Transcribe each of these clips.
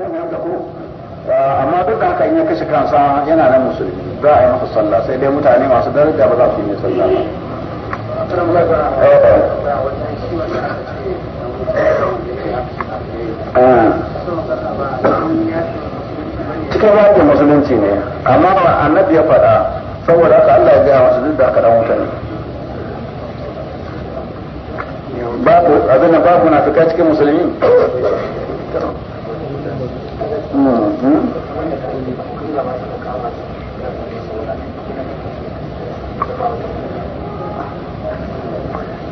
Ah, amma duk da haka in ya kashe kansa yana nan musulmi za a yi masa sallah sai dai mutane masu daraja ba za su yi mai sallah ba eh. cikin wajen musulunci ne amma annabi ya faɗa saboda haka Allah ya gaya masu duk da aka dan wuta ne babu abin babu munafikai cikin musulmi Ka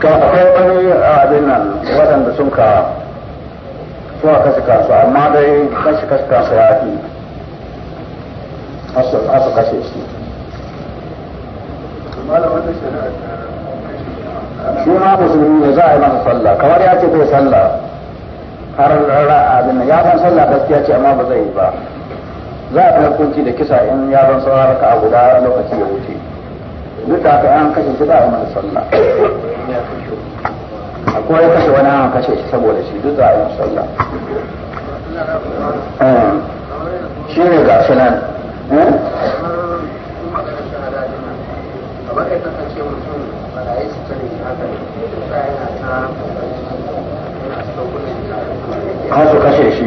akwai wani ah, abin nan waɗanda sun ka suwa kashe kansu amma dai kashe kashe kansu ya fi asu kashe shi shi ma musulmi ne za a yi masa sallah kamar ya ce bai sallah har abin nan ya san sallah gaskiya ce amma ba zai yi ba za a hukunci da kisa in ya ban sauran raka a guda lokaci ya wuce duk da yi an kashe shi ba a mana sallah akwai ya kashe wani an kashe shi saboda shi duk da a yi sallah eh, shi ne ga shi nan Ka eh? su kashe shi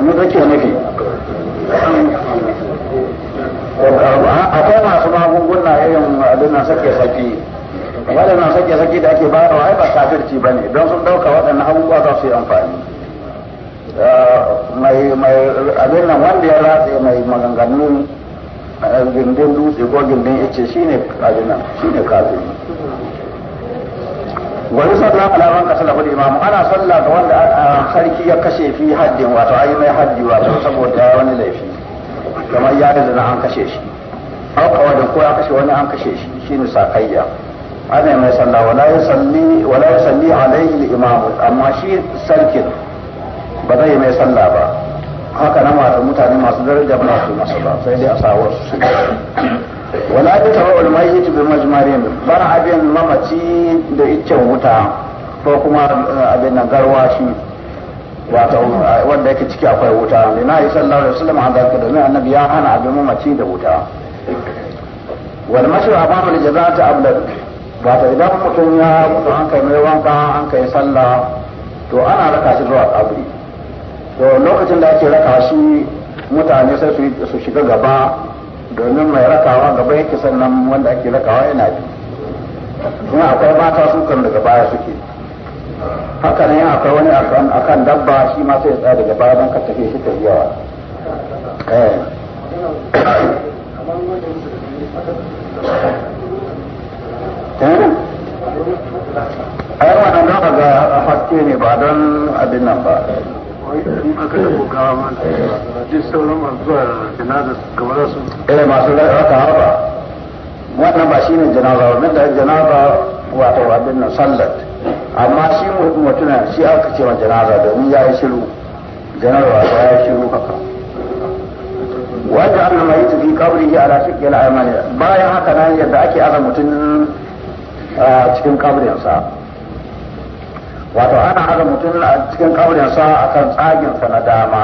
mun zake nufi akwai masu magunguna irin adana sake saki waɗannan sake saki da ake bayarwa wa ba kafirci ba ne don sun ɗauka waɗannan abubuwa za su yi amfani mai mai abin nan wanda ya ratse mai maganganun eh, gindin dutse ko gindin ice shine abin nan shine kafiri wa yusalla ala man qatala bil imamu ana salla ga wanda sarki ya kashe fi haddin wato ayi mai haddi wato saboda wani laifi kamar ya da zana an kashe shi au kawadan ko ya kashe wani an kashe shi shine sakayya ana mai salla wala salli wala salli alaihi al amma shi sarkin ba zai mai salla ba haka nan wato mutane masu daraja ba su masu ba sai dai a sawar su wala ta taba ulmayyit bi majmarin bar abin mamaci da iccen wuta ko kuma eh, abin nan garwashi wato eh, wanda yake ciki akwai wuta ne na yi sallallahu da wasallam an zaka domin annabi ya hana abin mamaci da wuta wal mashu amama aljazata ba wato idan mutum ya mutu an kai mai wanka an kai sallah to ana raka shi zuwa kabri to lokacin da ake raka shi mutane sai su shiga gaba domin mai rakawa gaba yake sannan wanda ake rakawa yana bi kuma akwai mata su daga baya suke haka ne akwai wani akan dabba shi ma sai tsaya daga baya don ka tafi shi ta yawa eh. Eh? ga haske ne ba don abin nan ba gawa ma duk sauran masu zuwa janaza gaba su masu wannan ba shi ne janaza wannan da janaza wato abin na sallat amma shi mutuna shi aka ce ma janaza domin ya yi shiru janaza wato ya yi shiru haka wanda an mai tafi kabri ya ala shi ya la'amani bayan haka nan yadda ake aza mutum ah, cikin kabrinsa wato ana haka mutum a cikin sa a kan tsaginsa na dama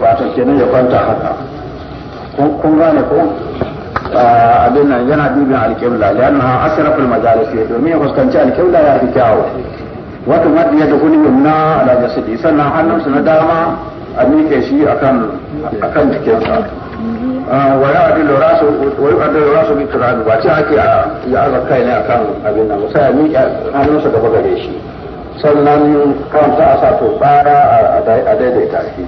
wato kenan ya kwanta haka kun gane ko abin nan yana dubin alƙibla lianna asraful majalis domin ya fuskanci alƙibla ya fi kyawu wato da ya dukuni yumna ala jasadi sannan hannunsa na dama a miƙe shi a kan jikinsa ويعدل راسه ويعدل راسه بالتراب ba ce ake ya arza kai ne akan abin nan sai mi hannunsa gaba gare shi sannan kanta a sa to bara a daidaita shi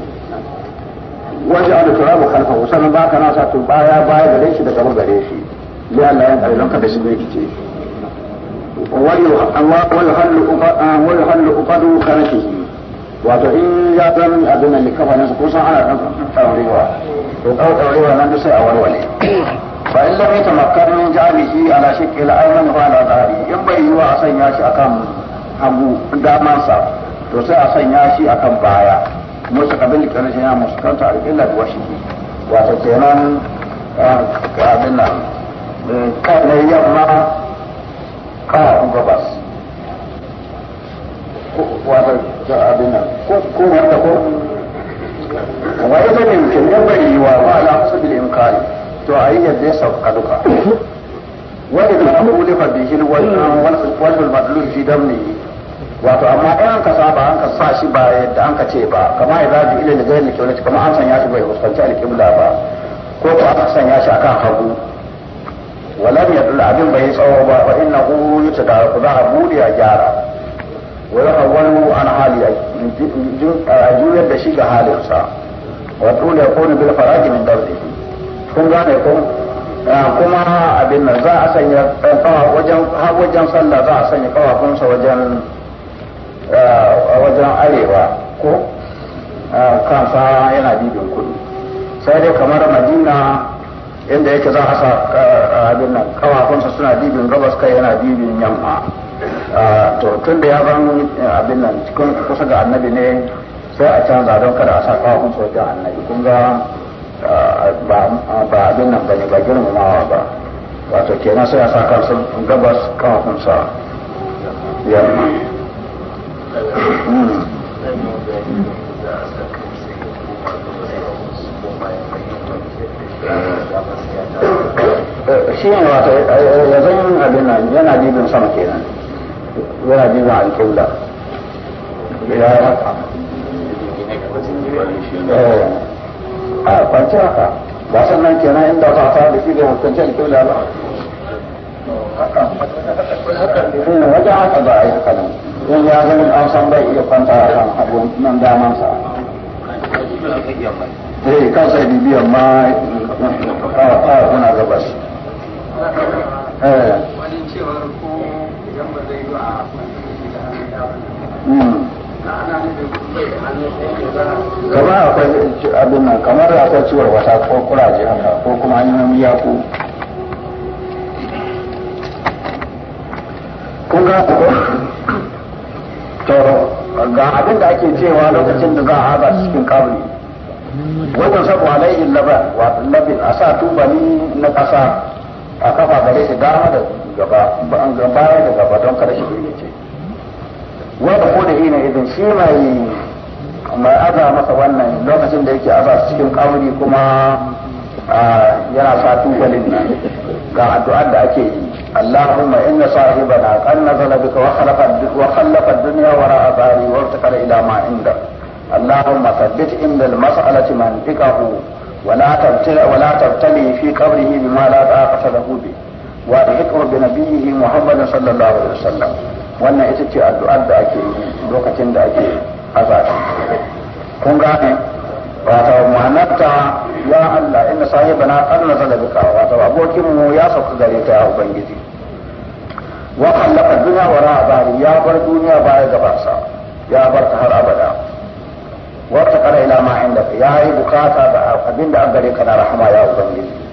waje a da turabu kalfa sannan ba ka na sa to baya baya gare shi da gare shi ya Allah ya kare wato in ya dan abin nan kafa ne ko san ana dan daurewa to kawo daurewa nan da sai a warware fa in lam ta min jamihi ala shakki al ayman ba na dhari in bai yi wa a sanya shi akan hagu damansa to sai a sanya shi akan baya musu kabin da shi ya musu kanta illa wa shi wato kenan abin nan kan yamma ka gabas wato ta abin nan ko ko wanda ko kamar yadda ne mutum ya bari wa ma la in imkani to yi yadda ya sauka duka wanda da abu ne fa bihi wannan wani wannan madlul fi damni wato amma in an ka saba an ka sa shi ba yadda an ka ce ba kamar ya zaji ilil gairin kiblati kama an sanya shi bai fuskanci alƙibla ba ko ko an sanya shi akan hagu walam yadul abin bai tsawo ba wa innahu yutadaru za a bude a gyara wani yawanu an hali a juyar da shi ga halinsa wa ko yakunu bil faraki min dardihi kun gane ko kuma abin nan za a sanya kawa wajen har wajen sallah za a sanya kawafinsa wajen wajen arewa ko kansa yana bibin kudu sai dai kamar madina inda yake za a sa abin nan kawafinsa suna bibin gabas kai yana bibin yamma Ah, to tun da ya ban eh, abin nan cikin kusa ga annabi ne sai a canza don kada a sa kawafin sojan annabi kun ga ah, ba abin nan ba ne ba girmamawa ba wato kenan sai a sa kansa gabas kawafin sa yamma hmm. eh, shi ne wato eh, yanzu zan abin nan yana dibin sama kenan yana jiba an kyaula ya haka a kwanci haka ba kenan inda ba da shi da hukunci ba wajen haka ba a yi haka nan yin ya an san bai iya kwanta a kan abu nan damansa eh bibiyan ma a kuna gabas eh kama akwai abin nan kamar akwai ciwar wata ko kuraje haka ko kuma hanyoyin yaku kun ga ku to ga abin da ake cewa lokacin da za a haɗa cikin kabri wajen na alayhi labar wato labin a sa tubali na ƙasa a kafa gare shi dama da gaba baya da gaba don kada shi ce wanda ko da ina idan shi mai mai aza masa wannan lokacin da yake aza cikin kaburi kuma yana sa tubalin nan ga addu'ar da ake yi اللهم إن صاحبنا قد نزل بك وخلق وخلق الدنيا وراء ظهري وارتقل إلى ما عندك اللهم ثبت عند المسألة منطقه ولا تبتلي ولا تبتلي في قبره بما لا طاقة له به wa da ikra Muhammad sallallahu alaihi wasallam wannan ita ce addu'ar da ake yi lokacin da ake azabi kun gane wato ma'anarta ya Allah inna sahibana qad nazala bika wato abokin mu ya sauka gare ta ubangiji wa khalaqa dunya wa ra'a bari ya bar duniya baya gabansa ya bar ta har abada wa taqara ila ma inda ya yi bukata da abinda an gare ka na rahama ya ubangiji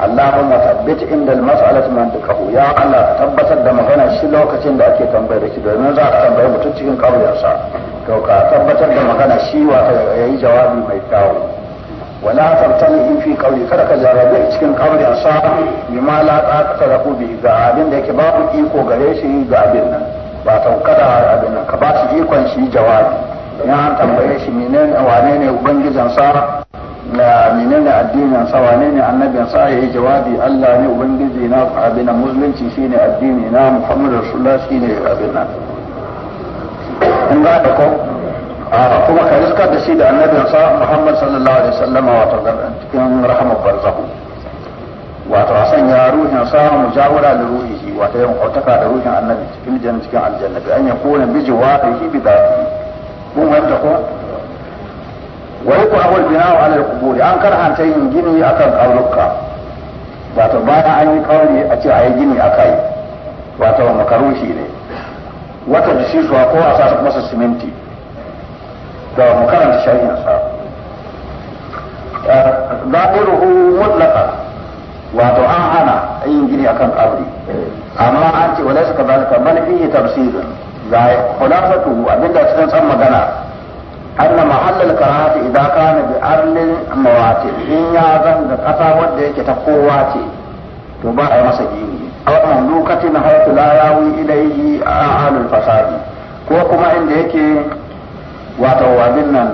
Allahumma tabbit inda al-mas'alati mantiqahu ya Allah tabbatar da magana shi lokacin da ake tambayar shi domin za a tambaye mutum cikin ƙauyensa to ka tabbatar da magana shi wata yayi jawabi mai kyawu wala tabtani in fi qawli kada ka jarabe cikin ƙauyensa bima la taqata lahu bi ga abin da yake babu iko gare shi ga abin nan ba taukada abin nan ka ba shi ikon shi jawabi in an tambaye shi menene wane ne ubangijinsa na menene addinin sa wane ne annabin sa yayi jawabi Allah ne ubangiji na abin musulunci shine addini na Muhammadu Rasulullah shine abin nan in ga da ko kuma ka riska da shi da annabin sa Muhammad sallallahu alaihi wasallam wato cikin rahamar barzahu wato a sanya ruhin sa mujawara da ruhi ruhihi wato yan kautaka da ruhin annabi cikin jannatin cikin aljanna bi an yakuna bi jawarihi bi dhatihi mun wanda ko wa yi yuku awal binawa ala al-qubur an karhanta yin gini akan kauluka wato bayan an yi kauli a ce a yi gini a akai wato makarushi ne wata da shi ko a sa masa siminti to mu karanta shari'in sa da'iruhu mutlaqa wato an hana yin gini akan kabri amma an ce wala suka zalika bal fihi tafsirun ga khulasatu abinda cikin san magana anna mahallal karatu idan kana bi arlin mawati in ya zan da kasa wanda yake ta kowa ce to ba a masa gini a wannan lokacin haitu la yawi ilayhi ahlul fasadi ko kuma inda yake wato wabin nan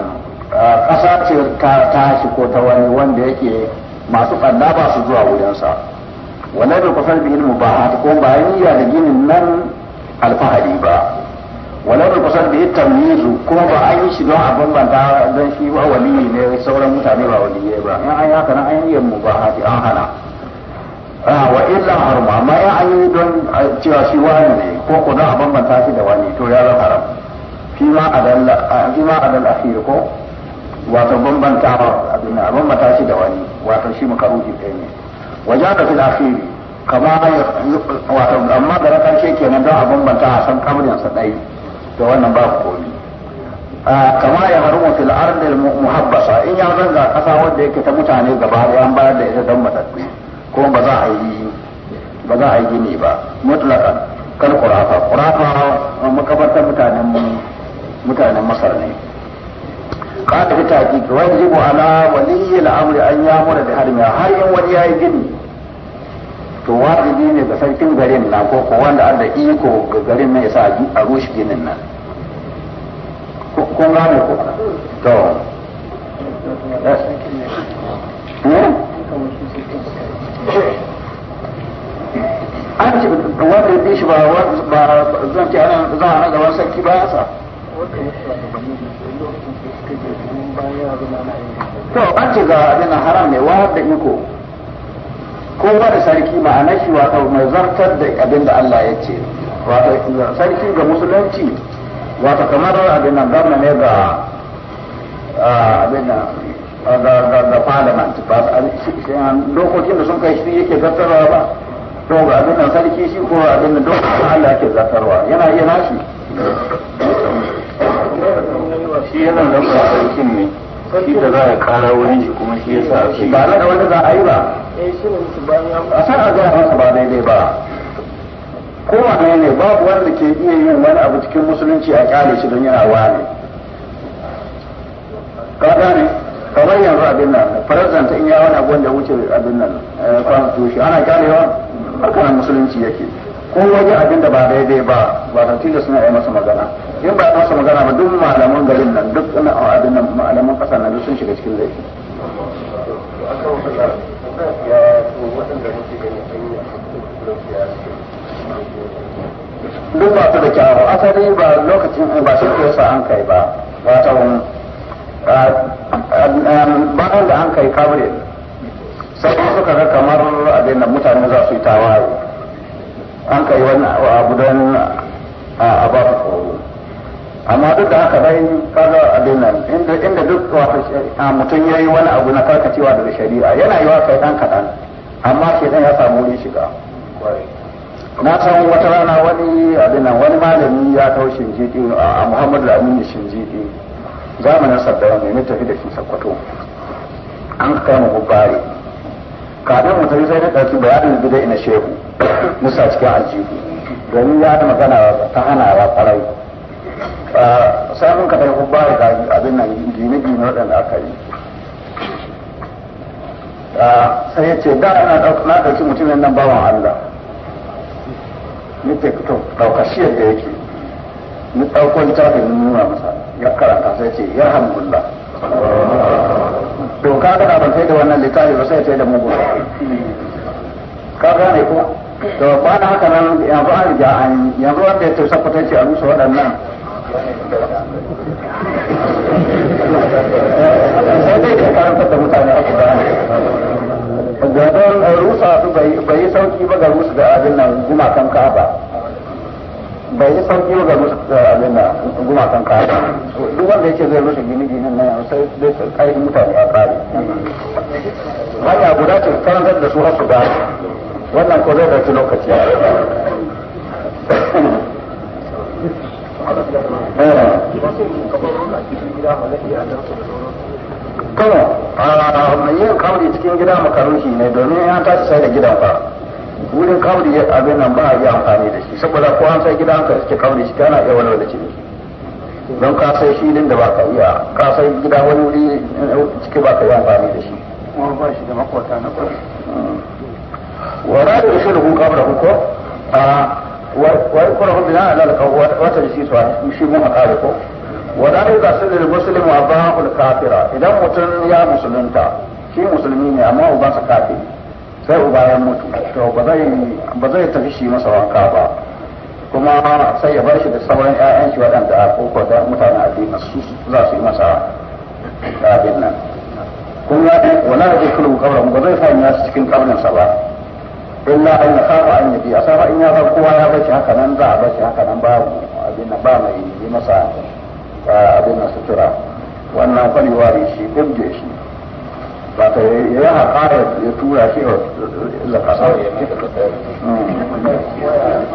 kasa ce ta tashi ko ta wani wanda yake masu kanda ba su zuwa wurinsa wannan bai kusan bihin mubahat ko ba niyya da ginin nan alfahari ba Wala da kusan da ya tamizu kuma ba a yi shi don a bambanta don shi ba waliyi ne sauran mutane ba waliyai ba in an yi haka nan an yi mu ba haji an hana ah, wa illa harma amma in an yi don ah, cewa shi wani ne ko ko don a bambanta shi da wani to ya zama haram fi ma adalla ah, fi ma akhir ko wato bambanta abin a bambanta shi da wani wato shi makaruhi ɗaya ne Wajen da fil akhir kama wato amma da na karshe kenan don a bambanta a san kamar yansa ɗaya da wannan ba komi kama ya harumu fil ardil muhabbasa in ya zanga kasa wanda yake ta mutane gaba da an bayar da ita don matattu ko ba za a yi ba za a yi gini ba mutlaka kan kurafa kurafa makabartar mutanen mutanen masar ne qala bi ki wajibu ala waliyil amri an ya'mura da harmiha har in wani ya yi gini to wajibi ne ga sarkin garin na ko ko wanda an da iko ga garin nan yasa a rushe ginin nan kun gane ko to eh? an ce wanda ya shi ba zan ce ana za a gaban sarki ba yasa to an ce ga abin haram ne wahar da iko da sarki ma'ana shi wato mai zartar da abin da Allah ya ce wato sarki ga musulunci wato kamar abin nan gwamna ne ga abin nan ga parliament ba dokokin da sun kai shi yake zartarwa ba to ga abin nan sarki shi ko abin nan dokokin Allah yake zartarwa yana iya nashi shi yana da sarkin ne shi za a kara wani kuma shi yasa shi ba na da wanda za a yi ba eh, a san a gaya masa ba daidai ba ko ma ne babu wanda ke iya yin wani abu cikin musulunci a kyale shi don yana wani ka gane kamar yanzu abin nan farazanta in ya wani abu wanda wuce abin nan eh, constitution ana kyalewa haka nan musulunci yake ko wani abin da ba daidai ba ba ta tilas na yi masa magana in ba masa magana ba duk malaman garin nan duk sun shiga cikin laifi duk ba su da kyawu asali ba lokacin ba su ke sa an kai ba ba ta wata um, bayan da an kai kabre sai suka ga kamar abin da mutane za su yi tawaye an kai wani abu don a ba su tsoro amma duk da haka bai kaga abin nan inda inda duk wato mutum yayi wani abu na cewa daga shari'a yana yi wa kai dan kadan amma shedan ya samu wurin shiga na san wata rana wani abin nan wani malami ya tau shinjidi a Muhammadu Aminu shinjidi zamanin saddawa ne tafi da shi sakwato. an kama gubbari kafin mu tafi sai da ɗauki bayanin gida ina shehu musa cikin aljihu domin ya magana ta hana wa kwarai Ah, samun ka tafi ba da abin nan gine-gine waɗanda aka yi ah, sai ya ce da na ɗauki mutumin nan bawan Allah ni to ɗaukashiyar da yake ni ɗauko littafin nuna masa ya karanta sai ce ya hamdulillah to ka ga ban sai da wannan littafi ba sai sai da mugun ka gane ko to ba na haka nan yanzu an ja an yanzu wanda ya tausa kwatanci a rusa waɗannan sai dai ka karanta da mutane a kusa gadon rusa su bai yi sauki ba ga rusu da abin nan gumakan ba. bai yi sauki ba ga rusu da abin nan gumakan ba. duk wanda yake zai rushe gine-ginen nan sai dai su ƙarfin mutane a ƙari hanya guda ce karantar da su har su wannan ko zai ɗauki lokaci kawai a mai yin kawai cikin gida makarushi ne domin ya tashi sai da gidan ba wurin kawai abin nan ba a yi amfani da shi saboda ko an sai gida an kai suke kawai shi kana iya wani wani ciki don ka sai filin da ba ka iya ka sai gida wani wuri eh, ciki ba ka yi amfani da shi kuma ba shi da makwata na kwari wa ra da shi da kun kabra ko a wa yakurahu bina ala alqawwa wa tajsisu shi mun akare ko wala yuqasidu muslimu abahu al-kafira idan mutum ya musulunta shi musulmi ne amma ubansa kafiri sai uba ya mutu to ba zai ba zai tafi shi masa wanka ba kuma sai ya bar shi da sauran ƴaƴan shi waɗanda ko da mutanen addini su za su yi masa abin nan kuma wala yadkhulu qabran ba zai sa fanya su cikin kabrin sa ba illa an yakhafa an a safa in ya kowa ya bace haka nan za a bace haka nan babu abin nan ba mai yi masa abin a sutura wannan kwarewa ne shi ɗabge shi ba ta yi haka ya tura shi a zakasa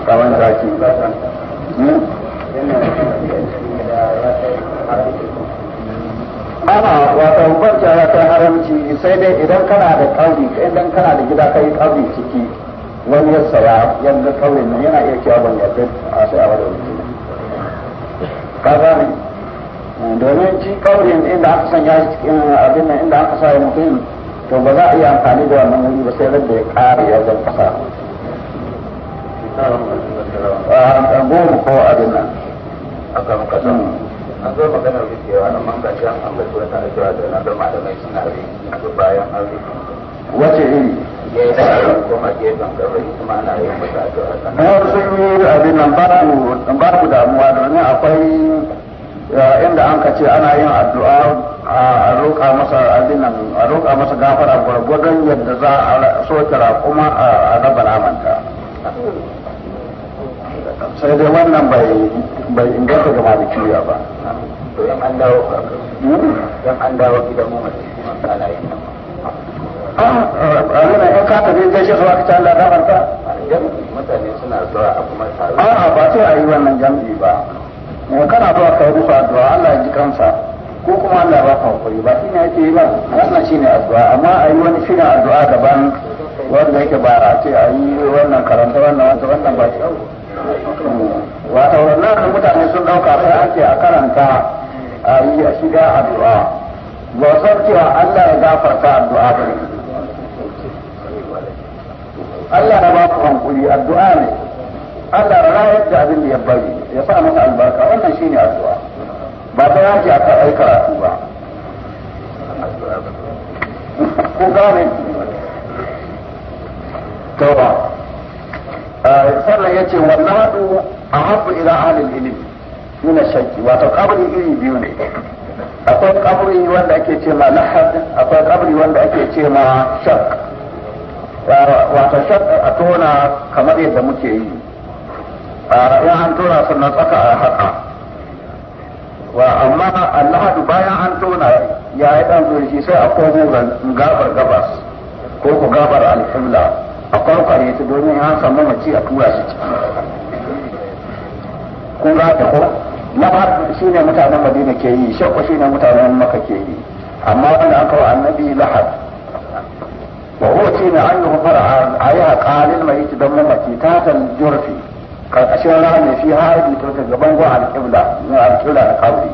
kawan zaki ana wata hukunta ya kai haramci sai dai idan kana da kauri idan kana da gida kai kauri ciki wani ya tsara yadda kaurin nan yana iya cewa ban yadda a sai a wadda wuce ka gane domin ci kaurin inda aka sanya cikin abin nan inda aka sa mutum to ba za a iya amfani da wannan wuri ba sai da ya kare ya zan kasa goma ko abin nan aka muka san an zo maganar rikewa nan man gashi an ambaci wata rikewa da na ga malamai suna rikewa bayan an wace iri kuma sun yi abin nan babu damuwa domin akwai inda an ka ce ana yin addu'a a roƙa masa abinan a roƙa masa gafara gwargwadon yadda za a sokira kuma a raba namanta sai dai wannan bai bai inganta ga malikiya ba don an dawo hmm? don an dawo gidan mu mace kana yin nan ah, a ina in ka tafi gaishe su aka ci Allah gafanta mutane suna zuwa a kuma tare a'a ba sai a yi wannan jam'i ba Eh, kana zuwa ka yi musu addu'a Allah ya ji kansa ko kuma Allah ba ka hakuri ba ne yake yi ba wannan ne addu'a amma a yi wani shirin addu'a daban wanda yake ba a ce a yi wannan karanta wannan wata wannan ba kyau wa tauranna da mutane sun dauka sai an ce a karanta a yi a shiga addu'a ba san cewa Allah ya gafarta addu'a ba ne Allah ya ba ku hankuri addu'a ne Allah ya rayar da abin da ya bari ya sa masa albarka wannan shine addu'a ba ta yaji a kan aika karatu ba ko gane to ba eh, sannan yace wannan hadu ahabbu ila ahli ilm min ash-shaki wato kabri iri biyu ne akwai kabri wanda ake ce ma lahad akwai kabri wanda ake ce ma shak wato shak a tona kamar yadda muke yi in an tona sannan tsaka a haka wa amma alhadu bayan an tona ya yi dan zurfi sai a komo gabar gabas ko ku gabar alhimla a kwarkware ta domin ya samu mace a tura shi kun ga ta ko lahad shi ne mutanen madina ke yi shakwa shi ne mutanen maka ke yi amma wanda aka wa annabi lahad wa huwa shi ne an yi hufar a yi haƙalin mai don mamaki tatan jurfi karkashin ne fi ha haɗi turka gaban gwa alƙibla na alƙibla da kawuri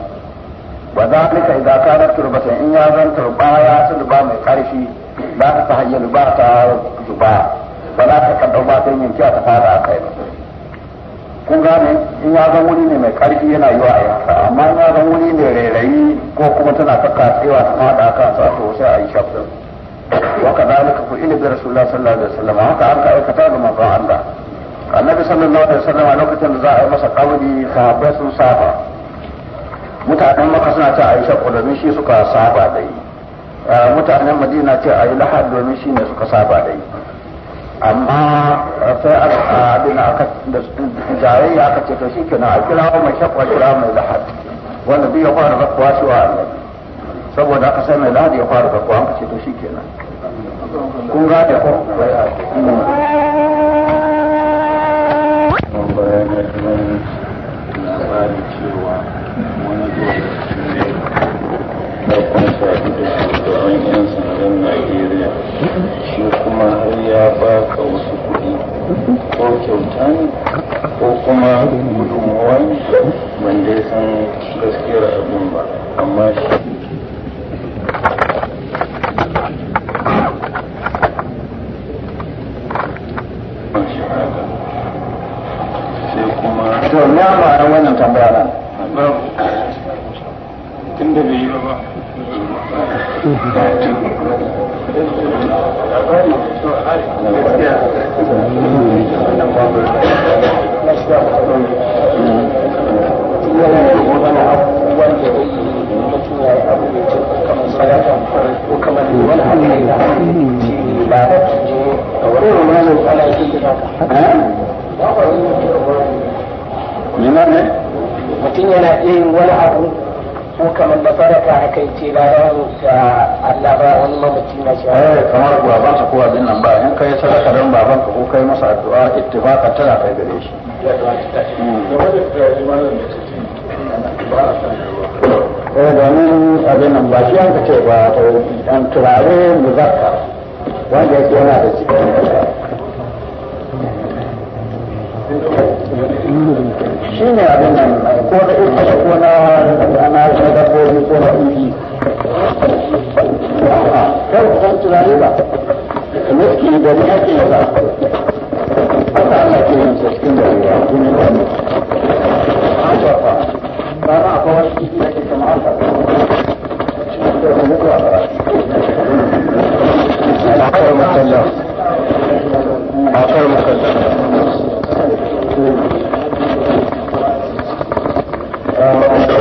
wa zalika ka kanat turbatan in ya zan turba ya ba mai ƙarfi ba ta hanyar ba ta zuba ba za ta kaddau ba ta kyau ta fara a kai kun gane in ya zan wuri ne mai ƙarfi yana wa a yanka amma in ya zan wuri ne rairayi ko kuma tana ta katsewa ta fada kan sa to sai a yi shafin wa kadalika ku ilmi rasulullah sallallahu alaihi wasallam haka an ka aikata ga manzon Allah annabi sallallahu alaihi wasallam a lokacin da za a yi masa kawuli sahabbai sun saba mutanen maka suna ce a yi domin shi suka saba da yi mutanen madina ce a yi lahad domin shi ne suka saba da yi amma sai a abin aka jayayya aka ce to shi kenan a kira mai shakku a kira mai lahad wanda biyu ya fara zakkuwa shi wa annabi saboda aka sai mai lahad ya fara zakkuwa an ka ce to shi kenan kun gane ko labarin cewa wani zuwa ne na kunsa da shugaban 'yan sandan najeriya shi kuma har ya ba ka wasu kuɗi ko kyauta ko kuma gudunmuwa ne ban dai san gaskiyar abin ba amma shi Thank you. to me an ba wannan tambaya da tun bai yi ba ba eh? liman ne eh? mutum yana iya yin wani abu ko kamar nasara ka aka yi ce bayan Allah ba wani mamaci na shi eh kamar baban sa ko abin nan ba in kai sadaka don baban ka ko kai masa addu'a ittifaqa tana kai gare shi eh domin abin nan ba shi an ka ce ba to turare muzakkar wanda yake yana da cikin shi ne abin nan ko da ita da ko na ana da dabbobi ko na kar ku san tunani ba miski da ni ake yi ba haka ke yin kuma ba na akwai wani kiki da ke kama haka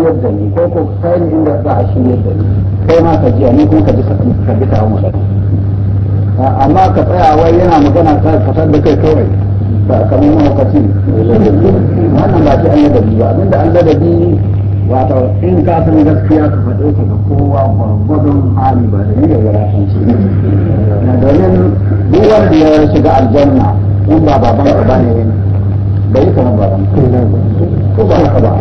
shiryar da ni ko ko kai ni inda za a shiryar da ni kai ma ka ji ni kuma ka bi ka bi kawo magana amma ka tsaya wai yana magana ka fasar da kai kawai kamar mahaukaci wannan ba shi an ladabi ba abinda an da bi wato in ka san gaskiya ka faɗo ka ga kowa gwargwadon hali ba da niyyar wadatanci na domin duk wanda ya shiga aljanna in ba baban ka bane bai yi kamar baban ka ko ba haka ba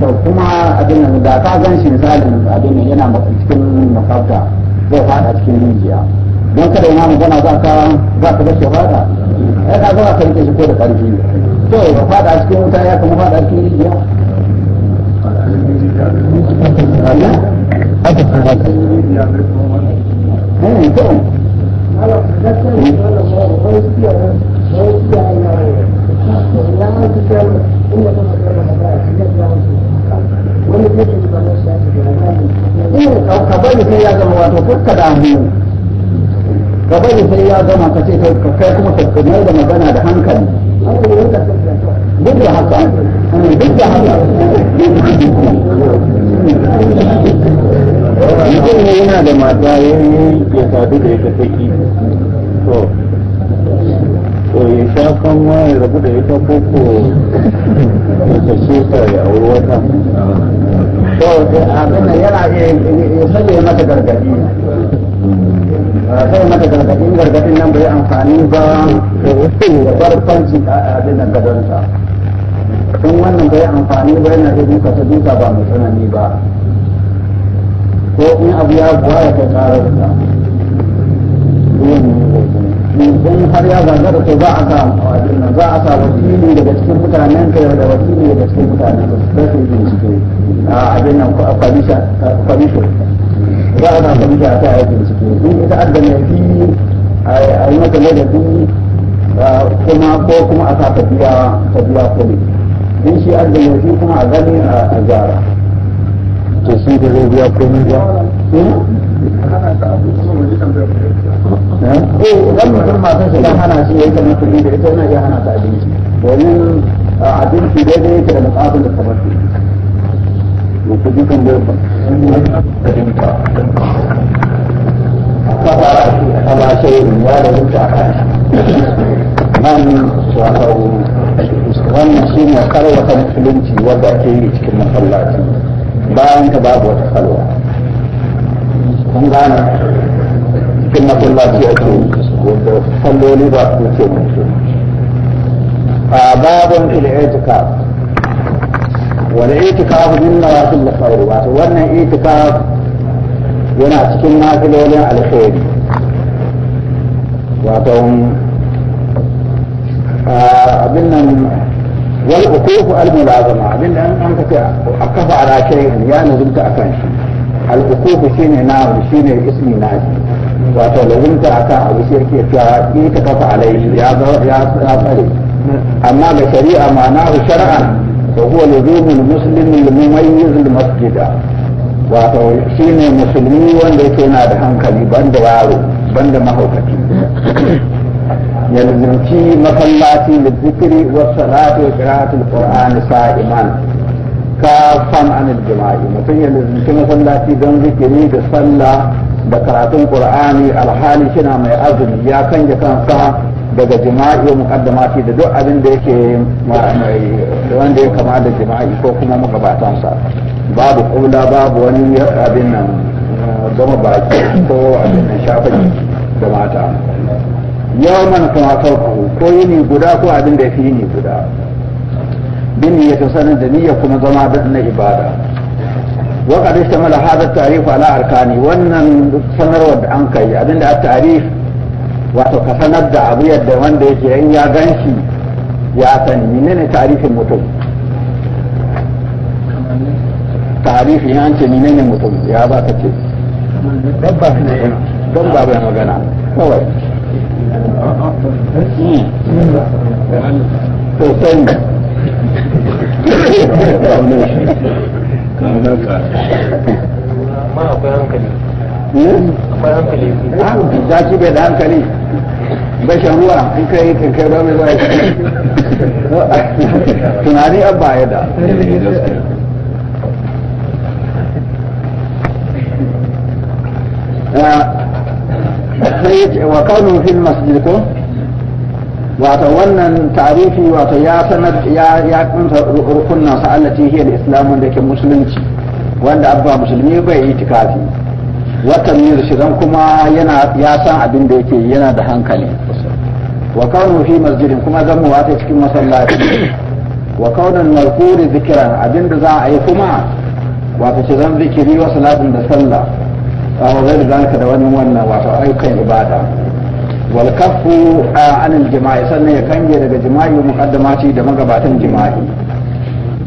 to kuma abin da ka gan shi abin yana cikin makabta zai fada cikin rijiya don kada yana magana za ka za ka fada ai ka zama ka rike shi ko da karfi to fada cikin wuta ya kuma fada cikin rijiya eh, ka bari sai ya zama wato kakka damu ka bari sai ya zama ka ce kai kuma ka mai da magana da hankali duk da haka duk da haka mutum yana da mata ya sadu da ya ta saki to ko ya sha kanwa rabu da ita ko ko ya sashe ta ya auri wata to eh, abin nan yana iya eh, eh, sanya mata gargadi sai mata gargadin gargadin nan bai amfani ba da barfanci abin nan gadonta don wannan bai amfani ba yana da duka ta ba mai tsanani ba ko in abu ya buwa ya ta tsarar ta in har ya gagara to ba a sa za a sa wasili daga cikin mutanen ka da wasili daga cikin mutanen ka da su yi bincike a abin nan kwamishin za a sa kwamishin a sa yi bincike in ita adda mai fi a yi mata ladabi kuma ko kuma a sa tafiya tafiya kudi in shi adda mai fi kuma a gani a jara to sun ka zai biya komai ba? Eh? ko eh? oh, idan mutum masu shiga hana shi ya yi kamar kuɗi da ita yana iya hana ta abinci domin abinci yake da da kamar kama ya da a kan nan wannan shi ne musulunci wadda ake yi cikin masallaci bayan ta babu wata kalwa هنغانا ثم طلاب يأتون صلوا لي باب في الاعتكاف والاعتكاف من نوافل الخير وأن اعتكاف ينعتك النافلة على الخير وأتهم abin nan wal ukufu al mulazama abin da an ka ce akafa ala الوقوف شين هنا وشين اسمي ناجي واتو لو انت اتا او شير كي اتا ايك قطع عليه يا ضرق يا صلي اما بشريعة معناه شرعا فهو لزوم المسلم المميز المسجد واتو شين مسلمي ليكينا دهان كلي بند وارو بند ما هو كتير يلزمتي مطلاتي للذكر والصلاة وقراءة القرآن صائما san anil jima'i mutum ya lalace masallaci don zikiri da sallah da karatun qur'ani alhali shina mai azumi ya kanje kansa daga jima'i wa muqaddamati da duk abin da yake wanda ya kama da jima'i ko kuma magabatansa babu kula babu wani abin nan gama baki ko abin nan shafa da mata yawman kuma sauƙahu ko yini guda ko abin da ya yini guda بنية سنة دينية كما زما بدنا إبادة وقد اشتمل هذا التعريف على أركاني وأن سنر ود أنكي أبن التعريف واتو كسند دا أبي الدوان دي جرين يا غنشي يا تاني منين تعريف المتوم تعريف يانش منين المتوم يا باتتي بابا هنا بابا هنا مغانا كوي Thank you. za bai da hankali bashin ruwa in kai kan kai ba mai zai tunani an ya wa kawo fil masjid ko wato wannan tarihi wato ya sanar ya ya kunsa rukunna sa allati hiya al-islam da ke musulunci wanda abba musulmi bai yi tikafi watan mir shidan kuma yana ya san abin da yake yana da hankali wa kaunu fi masjidin kuma mu wata cikin masallaci wa kaunan markuri zikiran abin da za a yi kuma wato ce zikiri wa salatin da sallah wa zai da da wani wannan wato ayyukan ibada wal kafu anil jima'i sannan ya kange daga jima'i muqaddamati da magabatan jima'i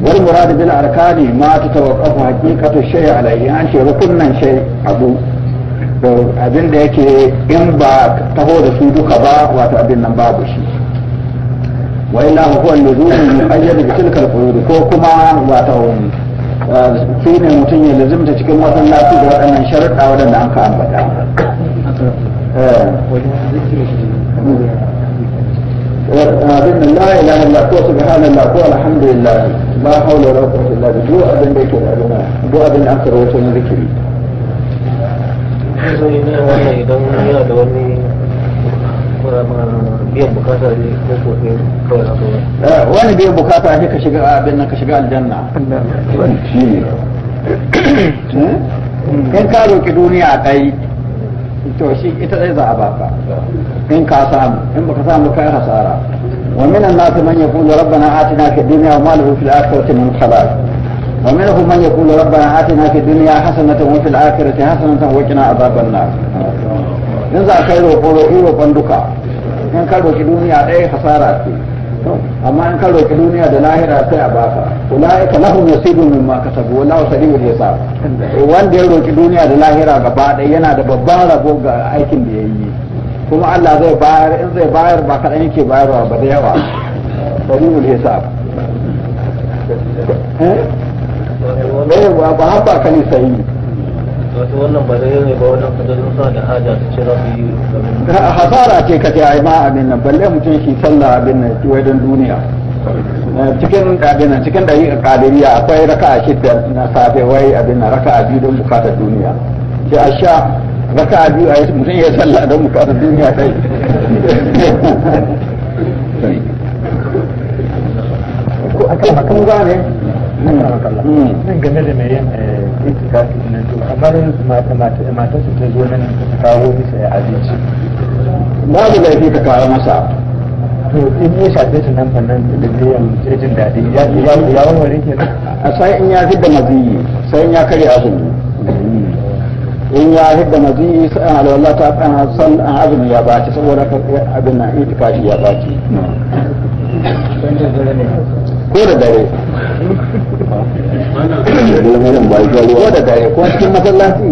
wal murad bil arkani ma tatawaqqafu haqiqatu shay alayhi an shi rukunnan shay abu to abin da yake in ba taho da su duka ba wato abin nan babu shi wa illa huwa al-luzum muqayyad bi tilka al-qurud ko kuma wato shine mutum ya lazimta cikin masallaci da waɗannan sharuɗa wadanda an ka ambata أظن لا إله إلا هو سبحان الله هو الحمد لله لا حول ولا قوة إلا بالله هو أبن بيت العلماء هو أبن أكثر وسن ذكري wani biyan bukata ne ka shiga abin nan ka shiga aljanna in ka roki duniya kai to shi ita zai za a baka in ka samu in baka samu kai hasara wa minan nas man yaqulu rabbana atina fid dunya wa ma lahu fil akhirati min khalaq wa minhum man yaqulu rabbana atina fid dunya hasanatan wa fil akhirati hasanatan wa qina adhaban nar in za kai roƙo roƙi roƙon duka in ka roƙi duniya ɗaya hasara ce amma in ka roƙi duniya da lahira sai a baka ulaika lahum nasibun mimma kasabu wallahu sari'ul hisab wanda ya roki duniya da lahira gaba ɗaya yana da babban rabo ga aikin da yayi kuma Allah zai bayar in zai bayar ba kaɗan yake bayarwa ba da yawa sari'ul hisab eh, eh ba ba haba kani sai wato wannan ba da ne ba wannan kadalin sa da haja su ce rabbi hasara ce kace ai ma amin nan balle mutum shi sallah abin nan wai don duniya Eh, cikin kabina cikin akwai a shidda na safe wai abin a biyu don bukatar duniya a sha a biyu a yasu mutum ya sallah don bukatar duniya ba gane hmm. game da mai yin eh, itikafi na to kamar ta zo nan ta kawo misa abinci babu laifi ka kawo masa to in ya shafe nan fannan da biyan jin daɗi ya ke a sai in ya fidda maziyi sai in ya karya azumi in ya fidda maziyi sai an san azumi ya baci saboda abin na itikafi ya baci ko da dare ko da dare ko cikin masallaci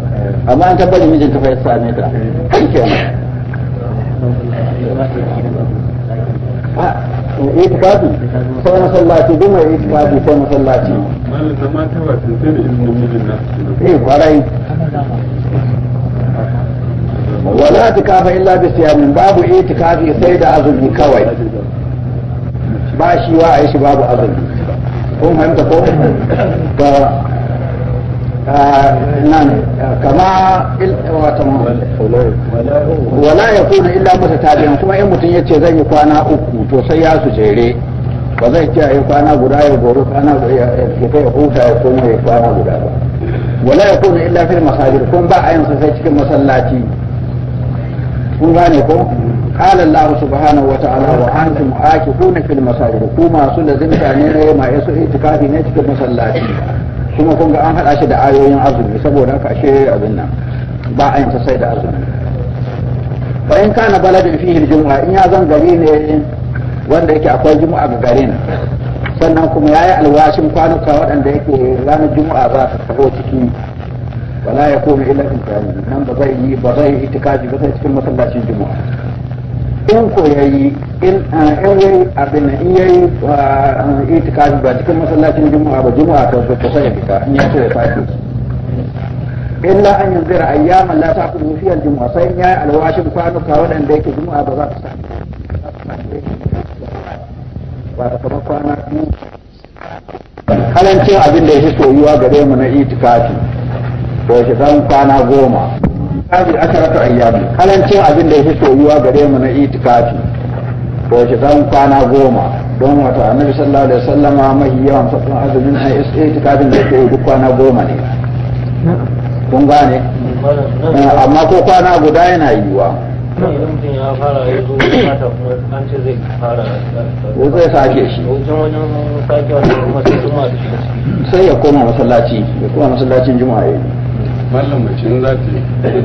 اما ان تبدل من جنتك فهي آه، تساعد ميتا حيث يا إيتكاتي صلى الله عليه وسلم ما لك ما تبعت سنتين إن مؤمن الناس إيه وراي ولا تكاف إلا بالصيام من باب إيتكاتي سيد أزلي كوي باشي واعيش باب أزلي هم هم تقول kama wala ya kuna illa masa tabiyan kuma in mutum ya ce zan yi kwana uku to sai ya su jere ba zai ce ya kwana guda ya goro kwana ya kai ya koma ya kwana guda ba wala ya ba a sai cikin masallaci kun gane ko قال الله سبحانه وتعالى وأنتم عاكفون في المساجد كما سلزمت أن ما يسوء اعتكافي نتك مسلاتي shi kun ga an haɗa shi da ayoyin azumi saboda haka ashe abin nan ba a yin ta sai da azumi fa in kana baladin fihi juma'a in ya zan gari ne wanda yake akwai juma'a ga garin sannan kuma yayi yi alwashin kwanuka waɗanda yake ranar juma'a za ta taho ciki wala ya komi ila in nan ba zai yi ba zai itikafi ba sai cikin masallacin juma'a in ko ya yi ah, in yayi abin in yayi ah, itikafi ba cikin masallacin juma'a ba juma'a ta zuwa kusa ya fita in ya ce ya fadi illa an yanzira ayyaman la ta fiha al-jum'a sai in yayi alwashin kwanuka waɗanda yake juma'a ba za ta sa ba ta kamar kwana kalancin abin da ya fi soyuwa gare mu na itikafi to shi zan kwana goma kafi asharatu ayyami kalancin abin da yake soyuwa gare mu na itikafi ko shi zan kwana goma don wata annabi sallallahu alaihi sallama mai yawan fatan azumin a itikafin da yake duk kwana goma ne kun gane amma ko kwana guda yana yiwa ko zai sake shi sai ya koma masallaci ya koma masallacin juma'a yi mallam mace za ta yi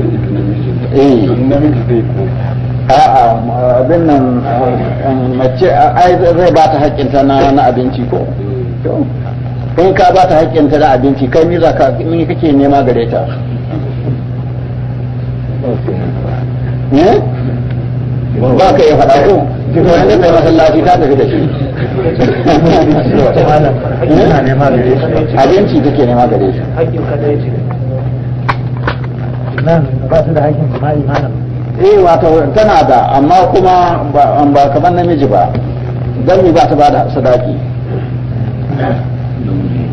eh. namiji zai ko a'a abin nan eh, mace ai zai ba ta haƙƙinta ta na abinci ko eh. in ka ba ta ta na abinci kai mi za ka mi kake nema gare ta ba ka yi faɗa ko ta abinci take nema gare shi kenan ba da eh wato tana da amma kuma ba kamar namiji ba don mi ba ta ba da sadaki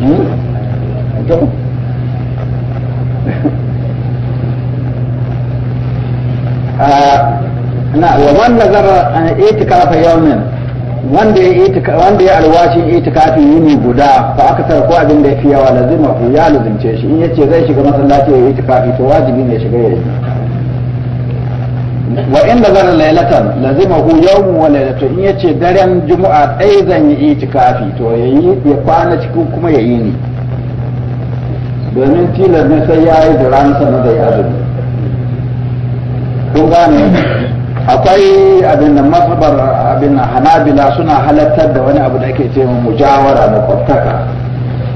hmm? ah, na wa man an itikara yawmin wanda ya wanda ya alwashi itikafi yini guda fa aka tarko abin da yafi yawa lazima ku ya lazimce shi in yace zai shiga masallaci ya itikafi to wajibi ne shiga ya wa in da zara lailatan lazima ku yawmu wa lailatu in yace daren juma'a dai zan yi itikafi to yayi ya kwana cikin kuma yayi ni domin tilar ne sai yayi da ran sanar da ya azumi kun gane akwai abin nan mazhabar abin hanabila suna halartar da wani abu da ake ce mujawara na kwaftaka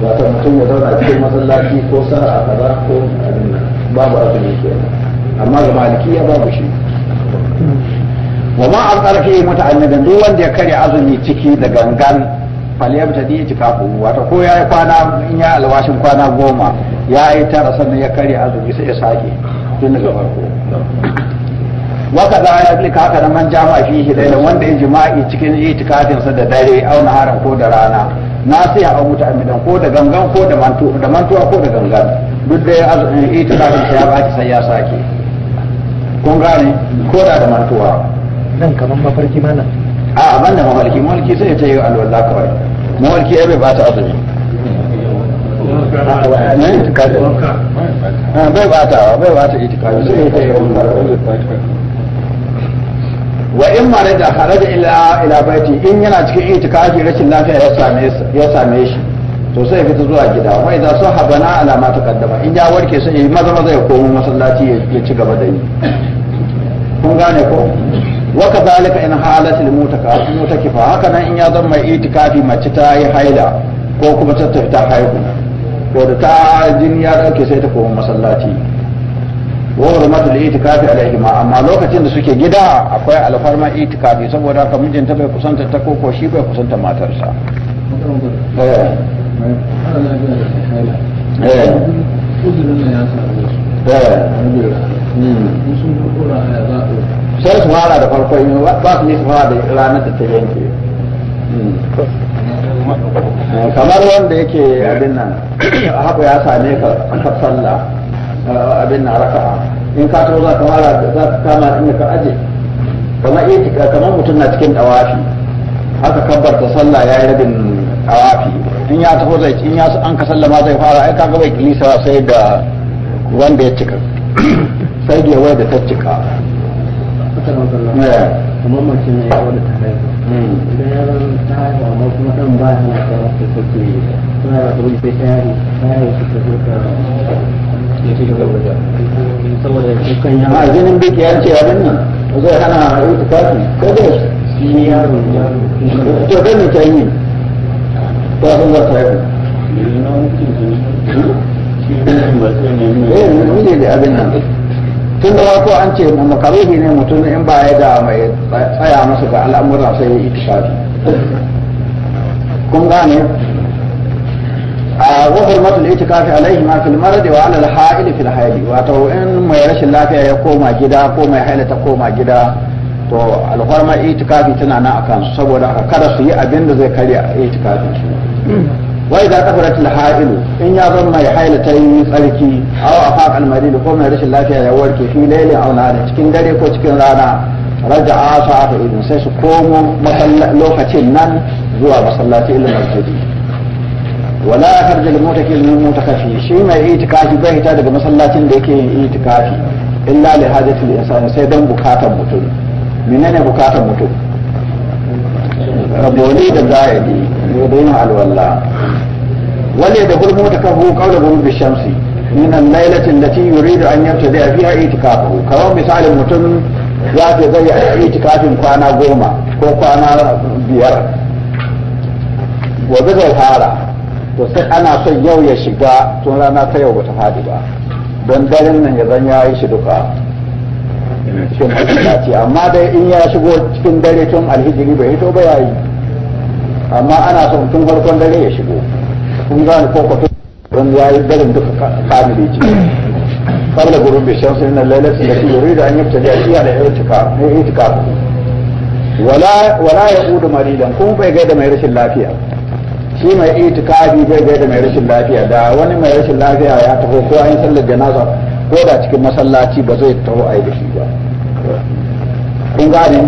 wato mutum ya zauna cikin masallaci ko a kaza ko abin nan babu azumi ke amma ga ya babu shi wa ma an tsarki muta'annidan duk wanda ya karya azumi ciki da gangan falyabta da yake kafu wato ko yayi kwana in ya alwashin kwana goma yayi tara sannan ya karya azumi sai ya sake tun daga farko waka ya a k'a haka nan man jama fihi lailan wanda ya jima'i cikin itikafinsa da dare au naharan ko da rana nasiha a mutu amidan ko da gangan ko da mantuwa ko da gangan duk da ya sai ya kun gane ko da da mantuwa nan kaman mafarki mana a ban da mafarki mulki sai ya ce yi alwala kawai mulki ya bai ba ta azumi eh? ah, bai ba ta bai ba ta itikafi sai yi alwala wa in ma da kharaja ila ila baiti in yana cikin itikafi rashin lafiya ya same ya same shi to sai fita zuwa gida wa idan habana ala ma taqaddama in ya warke sai ya maza maza ya komo masallaci ya ci gaba da yi kun gane ko wa kadhalika in halatil mutakafi mutakifa haka nan in ya zama itikafi mace ta yi haila ko kuma ta ta haihu ko da ta jini ya dauke sai ta komo masallaci wa mata da itikafi alaihim amma lokacin da suke gida akwai alfarma itikafi saboda haka mijinta bai kusanta ta koko shi bai kusanta matarsa eh. Eh. Eh. Hmm. sai su fara da farko yin ba su ne su fara da ranar da ta yanke hmm. kamar wanda yake abin nan a haɓu ya same ka sallah abin na raka in ka taho za ka fara za ka kama inda ka aje kamar iya kamar mutum na cikin dawafi haka kabbar ta sallah ya yi rabin dawafi in ya taho zai in ya an ka sallama zai fara ai kaga bai kilisa sai da wanda ya cika sai da wanda ta cika kamar mace mai yawon ta haihu mm. idan yaron ta haihu amma kuma dan ba ya na ta wasu ما يقول الفتاة ما يقول jinin duk ya ce abin nan ba zai hana rubuta kafi ko da shi ne yaro to kai ne ta yi ba sun za ta yi ne da abin nan tun da ko an ce makaruhi ne mutum in ba ya da mai tsaya masa ga al'amura sai ya yi itikafi kun gane wa hurmatul itikafi alaihi ma fil marad wa ala al ha'il fil hayd wato in mai rashin lafiya ya koma gida ko mai haila ta koma gida to alhorma itikafi tana nan akan su saboda haka kada su yi abin da zai karya itikafin su wai da kafarat al ha'il in ya zama mai haila ta yi tsarki aw afaq al marid ko mai rashin lafiya ya warke fi layli auna nahar cikin dare ko cikin rana raja raja'a sa'ata idin sai su komo lokacin nan zuwa masallaci ilmin masjidi wala harjal mutakil min mutakafi shi mai itikafi bai hita daga masallacin da yake yin itikafi illa li hajatil insani sai dan bukatar mutum menene bukatar mutum rabbi da zaidi yudina alwala wale da gurmu da kafu qawla gurmu bi shamsi min al-lailati allati yuridu an yabtada fiha itikafahu kawo misalin mutum ya ce zai yi itikafin kwana 10 ko kwana biyar gobe zai fara to sai ana son yau ya shiga tun rana ta yau bata faɗi ba don daren nan ya zan yi shi duka cikin masallaci amma dai in ya shigo cikin dare tun alhijiri bai hito ba yayi amma ana son tun farkon dare ya shigo kun gane ko ko don yi daren duka kamile ciki قبل غروب da من الليلة التي يريد da يبتدئ فيها wala ya ولا ولا يقود مريضا كون بيجد ما يرش lafiya. shi mai zai bai gaida mai rashin lafiya da wani mai rashin lafiya ya taho ko an sallar janaza ko da cikin masallaci ba zai taho a yi da shi ba kun gane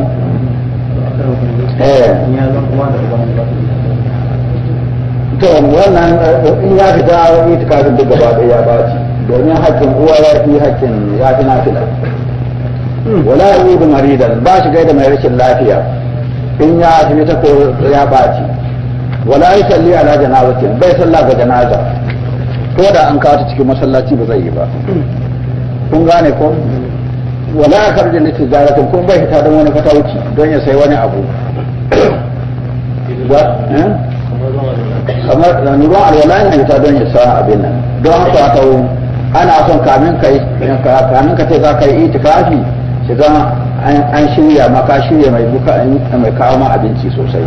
eh to wannan in ya fi fita itikafin duk gaba ɗaya ya ci domin hakkin uwa ya fi hakkin ya fi nafila wala yudu maridan ba shi gaida mai rashin lafiya in ya fi ta ko ya ci wala salli ala janabatin bai salla ga janaza ko da an kawo ta cikin masallaci ba zai yi ba kun gane ko wala ne li tijaratin kun bai fita don wani fatawuci don ya sai wani abu eh? kamar da nuru alwala yana fita don ya sa abin nan don haka ta ana son kamin kai kamin ka ce za ka yi itikafi zama an shirya maka shirya mai kawo ma abinci sosai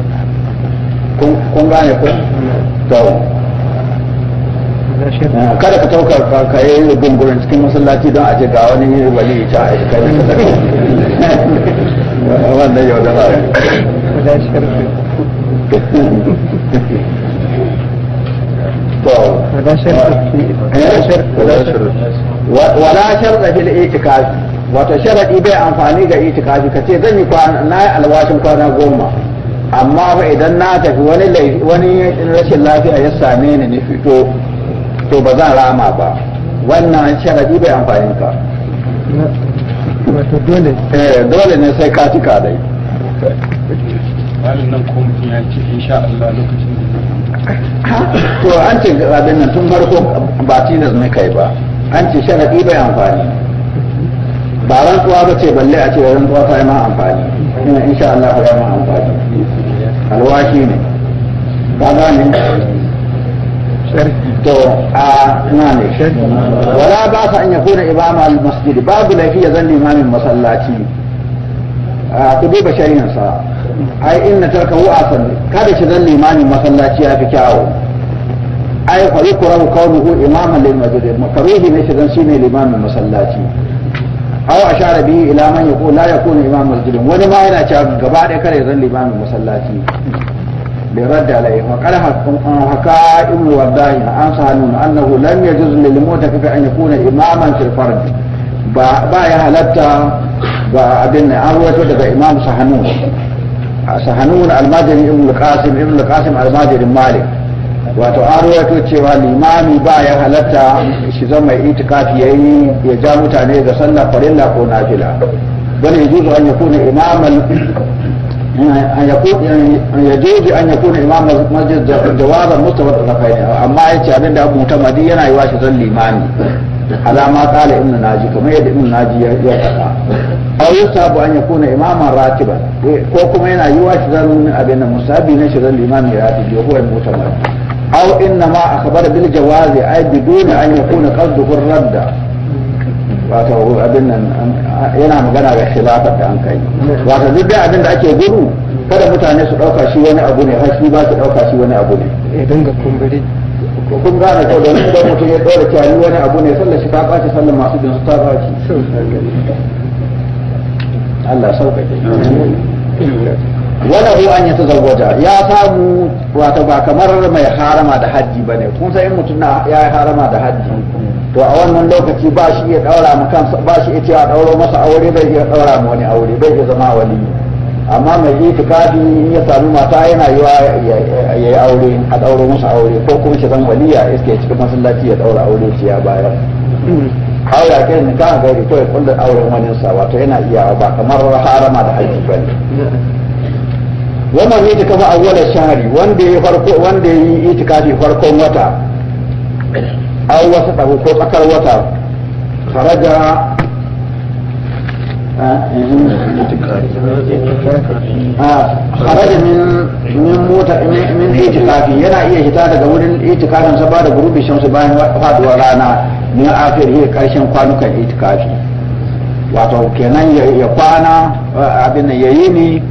kun gane ku to kada ka tauka ka yi gungurin cikin masallaci don a ce ga wani wali ya ci a shi kai wannan yau da ba wala sharɗa fil itikafi wato sharadi bai amfani ga itikafi kace zan yi kwana na alwashin kwana goma amma ba idan na tafi wani wani rashin lafiya ya same ni ni fito to ba zan rama ba wannan sharadi bai amfani ka wato dole eh dole ne sai ka tika dai malin nan kuma ya ce insha Allah lokacin to an ce abin nan tun farko ba tilas ne kai ba an ce sharadi bai amfani ba ran kuwa ba ce balle a ce ran kuwa ta yi ma amfani ina insha Allah ya ma amfani alwashi ne ka gane to a ina ne wala ba sa an yakuna imam al masjid babu laifi ya zan imamin masallaci ku duba shari'an sa ai inna tarkahu asan kada shi zan limamin masallaci ya fi kyawu ai fa yukra kaunuhu imaman lil masjid makaruhi ne shi zan shine limamin masallaci aw ashara bihi ila man yaqul ya yakunu imam masjid wani ma yana cewa gaba ɗaya ya zan limamin masallaci bi radda alayhi wa qala haka ibnu wadahi an sahanun annahu lam yajuz lil mutakafi an yakuna imaman fil fard ba ya halatta ba abin an ruwato daga imam sahanun sahanun al ibn al-qasim ibn al-qasim al malik wato an to cewa limami ba ya halatta shi zama mai itikafi yi ya ja mutane ga sallah farilla ko nafila ya zuwa an kuna imaman an yajuzu an yakuna imam masjid jawazan mustawad zakaini amma ce abinda abu madi yana yi wa shi zan limami alama kala ibn naji kuma yadda ibn naji ya faɗa yi sabu an ya kuna imaman ratiba ko kuma yana yi wa shi zan abin musabi na shi zan limami ratibi ko huwa mutamadi أو إنما أخبر بالجواز أي بدون أن يكون قصده الرد wato abin nan yana magana ga khilafar da an kai wato duk da abin da ake gudu kada mutane su dauka shi wani abu ne har shi ba su dauka shi wani abu ne ya dinga kumburi kun gane ko da wani mutum ya dora kyali wani abu ne sallar shi ta ɓaci sallar masu jinsu ta ɓaci Allah sauka sauƙaƙe hu an yatazawwaja ya samu wato ba kamar mai harama da haji bane kun sai in mutum na ya harama da haji to a wannan lokaci ba shi ya daura mu kansa ba shi ya ce a dauro masa aure bai iya daura mu wani aure bai ya zama wali amma mai itikafi in ya sami mata yana yiwa ya yi aure a dauro masa aure ko kuma shi zan waliya iske cikin masallaci ya daura aure shi ya bayar aure kai ne ka gari ko ya kunda aure wani sa wato yana iya ba kamar harama da haji bane wannan yi ta awwala shahri wanda ya farko wanda ya yi itikafi farkon wata aw ta ko tsakar wata faraja faraja min min mota min itikafi yana iya hita daga wurin itikafin sa ba da gurbi shamsu bayan faduwar rana min afir yi karshen kwanukan itikafi wato kenan ya kwana abin ya yi ne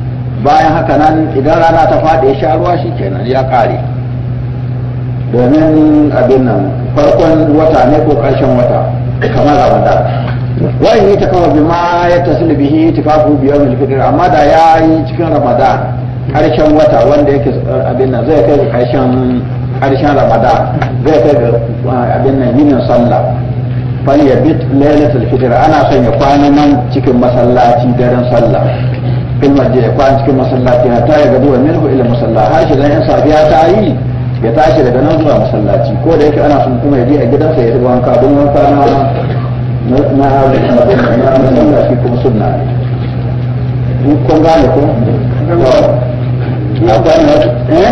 bayan haka nan idan rana ta faɗi ya sha ruwa shi kenan ya ƙare domin abin nan farkon wata ne ko ƙarshen wata kamar ramadan wani yi ta kawo bima ya tasil bihi tufafu biyar fitar amma da ya yi cikin ramadan ƙarshen wata wanda yake eh, abin nan zai kai ga ƙarshen ƙarshen ramadan zai kai ga eh, abin nan yinin sallah fal ya bit lailatul fitr ana son ya kwana nan cikin masallaci daren sallah fil ya kwan cikin masallaci hatta ya gadu wa minhu ila musalla shi dan yan safiya ta yi ya tashi daga nan zuwa masallaci ko da yake ana son kuma ya je a gidansa ya yi wanka don wanka na na na masallaci kuma sunna ne kun gane ko ya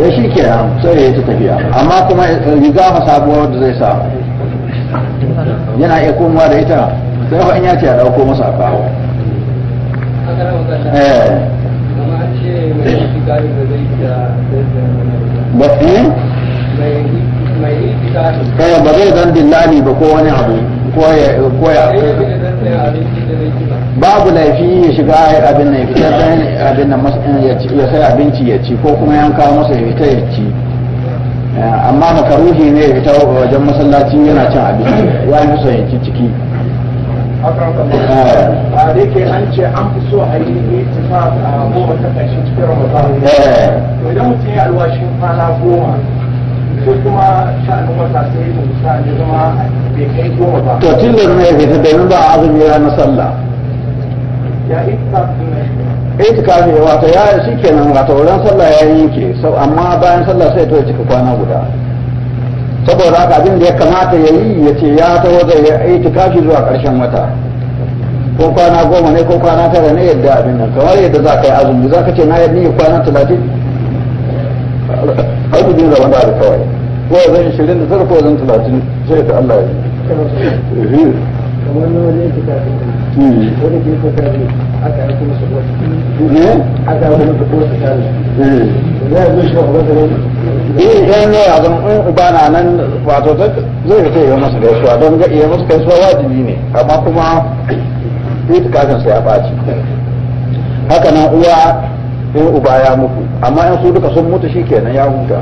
ya shi ke sai ya yi ta tafiya amma kuma riga ma sabuwar da zai sa yana iya komawa da ita sai ba in ya ce ya dauko masa ka ba zai zan dillani ba ko wani abu ko ya babu laifi ya shiga abin nan ya fita abin nan ya sai abinci ya ci ko kuma yan kawo masa ya fita ya ci amma makaruhi ne ya fita wajen masallaci yana cin abinci wani fi so ya ci ciki a da an ce an fi so a yi ta a ta cikin to kwana goma wata sai mutum ya zama kai goma ba tun da ne ta domin ba azumi na sallah ya yi ta itikafi ya shi kenan ta wurin sallah ya yanke amma bayan sallah sai to ya cika kwana guda saboda haka abin da ya kamata ya yi ya ce ya taho zai yi itikafi zuwa ƙarshen wata ko kwana goma ne ko kwana tara ne yadda abin nan kamar yadda za ka yi azumi za ka ce na yadda kwana talatin azumin zaman da kawai ko zan shirin da tara ko zan talatin sai ta Allah ya yi wani ke ko kare aka yi kuma su wasu aka yi kuma su wasu kare ne a zan in uba na nan wato zai fita yi masa gaisuwa don ga iya masa gaisuwa wajibi ne amma kuma ita kafin sai ya ɓaci haka nan uwa in uba ya mutu amma yan su duka sun mutu shikenan ya huta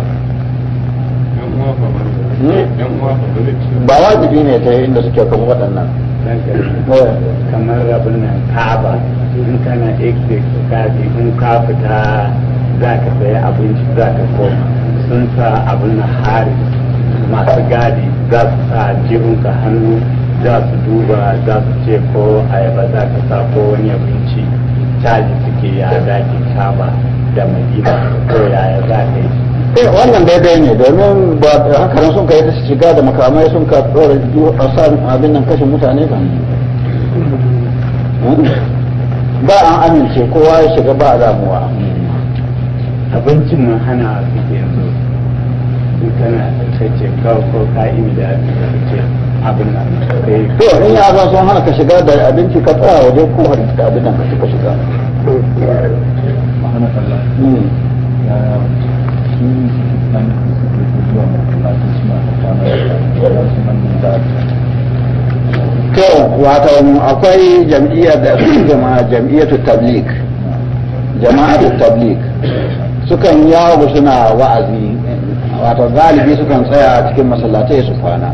ba wajibi ne ta inda suke kan waɗannan kamar rabin nan ka'aba in kana ake kaji in ka fita za ka saya abinci za ka koma sun sa abin hari masu gadi za su sa jihunka hannu za su duba za su ce ko ayaba za ka sa ko wani abinci caji suke ya dace caba da madina ko yaya za ka yi Eh, wannan daidai ne domin ba hankalin sun kai ta shiga da makamai sun ka tsora a sa abin nan kashe mutane ba ba an amince kowa ya shiga ba damuwa abincin mun hana a suke yanzu in kana kace kawo ko ka'imi da abin nan to in ya ba sun hana ka shiga da abinci ka tsaya waje har da abin nan ka shiga to wato akwai jam'iyyar da jama'a jam'iyyatu tablik jama'atu tablik sukan yawo suna wa'azi wato galibi sukan tsaya cikin masallatai su kwana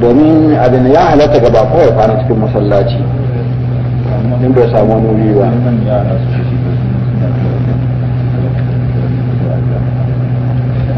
domin abin ya halatta gaba kawai kwana cikin masallaci in bai samu wani wuri ba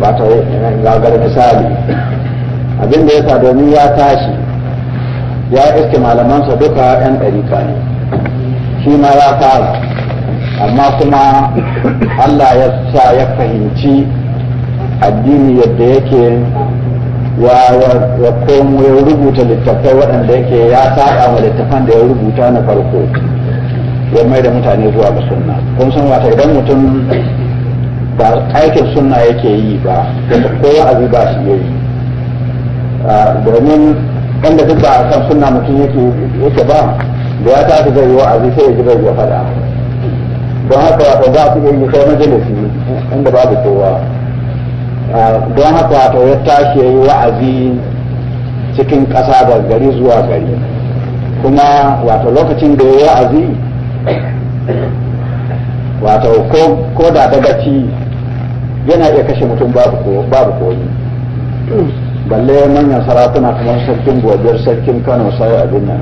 wato gagar misali abin da sa domin ya tashi ya iske malamansa duka 'yan ɗarika ne shi ma ya fara amma kuma Allah ya sa ya fahimci addini yadda yake ya komo ya rubuta littattafai waɗanda yake ya saɗa wa littattafan da ya rubuta na farko ya mai da mutane zuwa ga sunna kun san wata idan mutum ba aikin sunna yake yi ba ko wa'azi ba shi yi ah, domin inda duk ba a kan sunna mutum yake yake ba da ya tafi zai yi wa'azi sai ya ji bai faɗa don haka wato za su yi sai majalisi inda babu kowa ah, don haka wato ya tashi ya yi wa'azi cikin ƙasa da gari zuwa gari kuma wato lokacin da ya yi wa'azi wato ko da ci yana iya kashe mutum babu babu koyi balle manyan sarakuna kamar sarkin gobiyar sarkin kano sai abin nan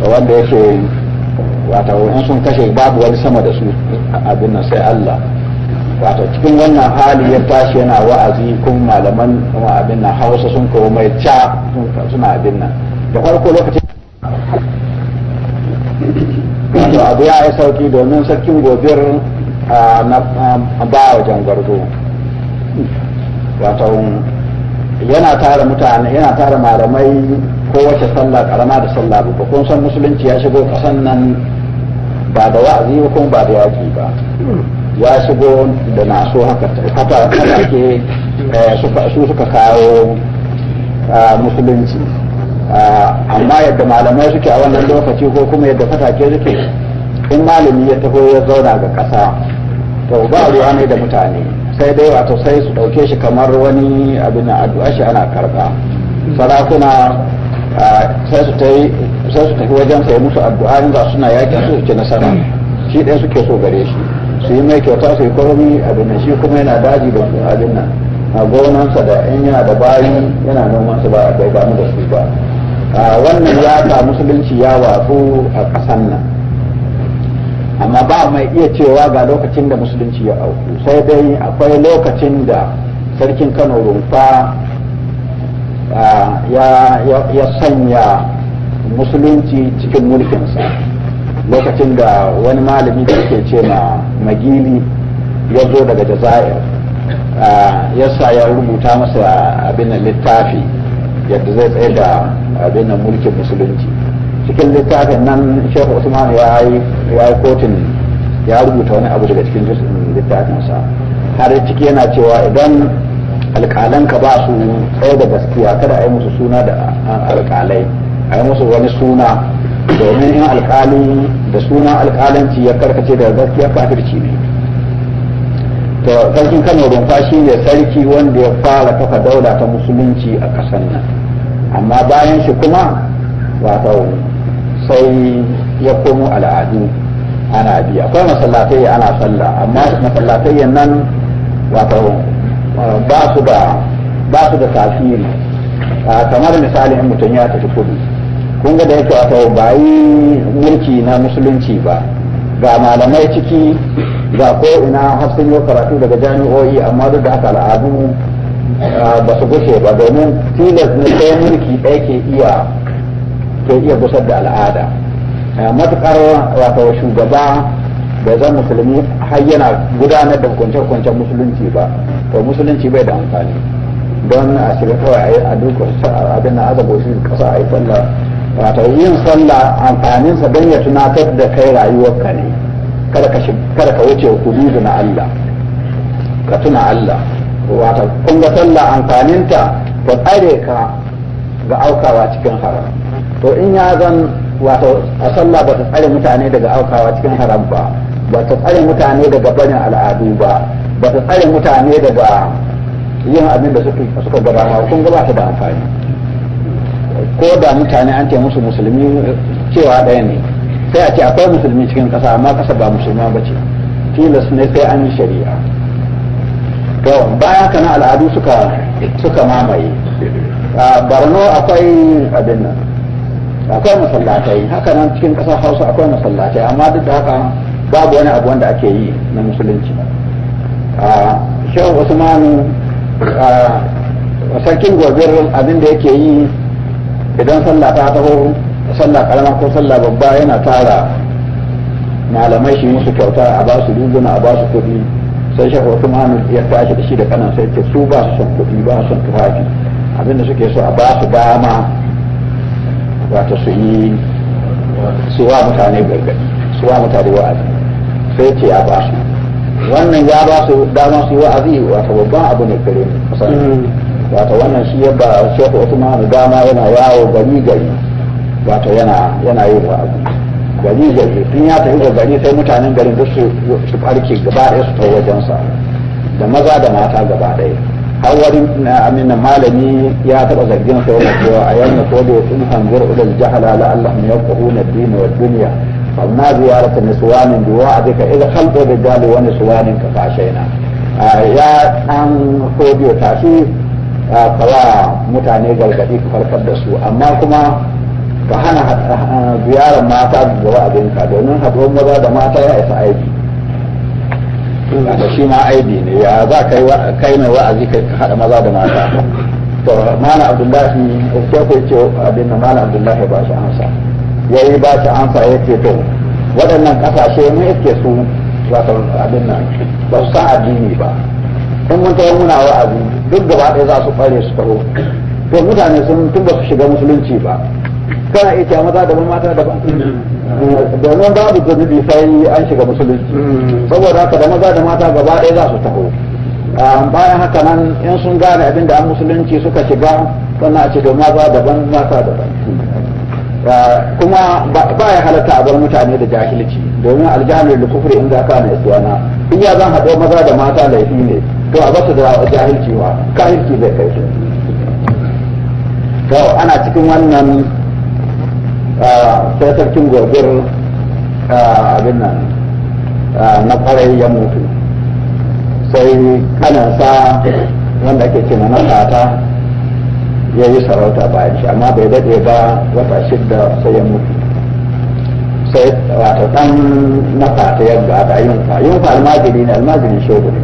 wanda yake wata in sun kashe babu wani sama da su abin nan sai Allah wato cikin wannan hali ya tashi yana wa'azi kun malaman abin nan hausa sun kawo mai ca suna abin nan da farko lokacin abu ya yi sauki domin sarkin gobiyar na ba wajen gardo wato yana tara mutane yana tara malamai wace sallah karama da sallah babba kun san musulunci ya shigo kasan nan ba da wa'azi ba kuma ba da yaƙi ba ya shigo da naso haka haka ke eh, su suka kawo musulunci amma yadda malamai suke a wannan lokaci ko kuma yadda fatake suke in malami ya taho ya zauna ga ƙasa to ba ruwa ne da mutane sai dai wato sai su ɗauke shi kamar wani abin addu'a shi ana karɓa sarakuna sai su tafi wajen sai musu addu'a in suna yakin su ci nasara shi ɗaya suke so gare shi su yi mai kyauta su yi komi abin da shi kuma yana daji da su abin nan a gonansa da in yana da bayi yana noman su ba bai mu da su ba wannan ya ta musulunci ya watsu a ƙasan nan amma ba mai iya cewa ga lokacin da musulunci ya auku sai dai akwai lokacin da sarkin kano rumfa ya sanya musulunci cikin mulkinsa lokacin da wani malami da ke ce ma magili ya zo daga jazair ya sa ya rubuta masa abin littafi yadda zai tsaye da abin mulkin musulunci cikin littafin nan shehu usman ya yi ya yi kotun ya rubuta wani abu daga cikin littafinsa har ciki yana cewa idan alƙalanka ba su tsaye da gaskiya kada a yi musu suna da alƙalai a yi musu wani suna domin in alƙali da suna alƙalanci ya karkace daga gaskiya kafirci ne to sarkin kano rumfa shi ne sarki wanda ya fara kafa daula ta musulunci a ƙasar nan amma bayan shi kuma wato sai ya komo al'adu ana bi akwai masallatai ana sallah amma masallatai nan wato eh, ba su da ba su da tasiri ah, kamar misali in mutum ya tafi kudu kun ga da yake wato ba mulki na musulunci ba ga malamai ciki ga ko ina har sun karatu daga jami'o'i amma duk da haka al'adu ah, ba su gushe ba domin tilas ne sai mulki ɗaya ke iya ke iya gusar da al'ada eh, matukar wato shugaba da zan musulmi har yana gudanar da hukunce-hukuncen musulunci ba to musulunci bai da amfani don a shiga kawai a duka abin da azabo shi kasa a yi sallah wato yin sallah amfaninsa don ya tunatar da kai rayuwar ka ne kada ka wuce hududu na Allah ka tuna Allah wato kunga sallah amfaninta ta tsare ka ga aukawa cikin haram to in ya zan wato a sallah ba ta tsare mutane daga aukawa cikin haram ba ba ta tsare mutane daga barin al'adu ba ba ta tsare mutane daga yin abin da suka gabata kun ta da amfani ko da mutane an ce musu musulmi cewa ɗaya ne sai a ce akwai musulmi cikin ƙasa amma ƙasa ba musulma ba ce tilas ne sai an yi shari'a to bayan kana al'adu suka suka mamaye barno akwai abin nan akwai masallatai haka nan cikin ƙasar hausa akwai masallatai amma duk da haka babu wani abu wanda ake yi na musulunci shehu usmanu sarkin gobir abin da yake yi idan sallah ta taho sallah karama ko sallah babba yana tara malamai shi musu kyauta a ba su riguna a ba su kuɗi sai shehu usmanu ya tashi da shi da kanan sai ce su ba su son kuɗi ba su son tufafi abinda suke so a ba su dama wata su yi suwa mutane gargadi suwa mutane wa'azi sai ce ya ba su wannan ya ba su dama su yi wa'azi wata babban abu ne kare ne mm. wata wannan shi ya ba shehu Usman dama yana yawo gari gari wata yana yana yin wa'azi gari gari tun ya tafi gari sai mutanen garin duk su farke gaba ɗaya su ta wajensa da maza da mata gaba ɗaya har wani amin malami ya taɓa zargin sa yana cewa a yau na kodai sun hanzar ulal jahala la Allah mu yaqulu ad-din wa ad-dunya fa ma ziyarata niswanin bi wa'dika idha khalqa rijali wa niswanin ka na ya dan kodai tashi kawa mutane gargadi ka farkar da su amma kuma ka hana ziyarar mata da wa'adinka domin haɗuwar maza da mata ya isa aiki da shi ma aibi ne ya za ka yi kai mai wa'azi ka haɗa maza da mata to mana abdullahi ko ko ce abin da mana abdullahi ba su amsa yayi ba su amsa yake to waɗannan kasashe ne yake su wato abin nan ba su san addini ba in mun ta muna wa'azi duk gaba ɗaya za su fare su faro to mutane sun tun ba su shiga musulunci ba kana iya maza da mata da ba. domin babu zunubi sai an shiga musulunci hmm. saboda haka da maza da mata gaba ɗaya za su taho ah, bayan haka nan in sun gane abin da an musulunci suka shiga suna a ce da maza daban mata daban ah, kuma ba ya halatta a bar mutane da jahilci domin aljahalar da kufri in za ka na in ya zan haɗo maza da mata laifi ne to a basu da jahilci wa kahilci zai kai su to ana cikin wannan sai sarkin gobir abin nan na kwarai ya mutu sai kanansa wanda ake ce na tata ya yi sarauta bayan shi amma bai daɗe ba wata shidda sai ya mutu sai wata ɗan na tata ya gada yunfa yunfa almajiri ne almajirin shogu ne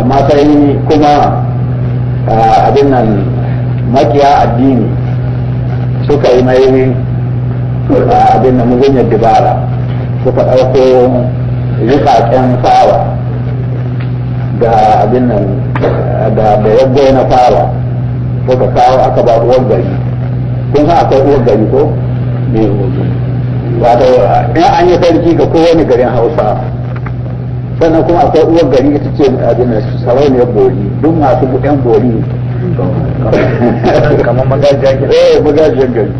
amma sai kuma abin nan makiya addini suka yi mai abin da mugunyar dibara suka ɗauko wukaken fawa da abin nan da da bayan na fawa ko ka kawo aka ba uwar gari kun ga akwai uwar gari ko? me wato in an yi sarki ga kowane garin hausa sannan kuma akwai uwar gari ita ce abin da sarauniyar bori duk masu yan bori kamar eh magajiyar gari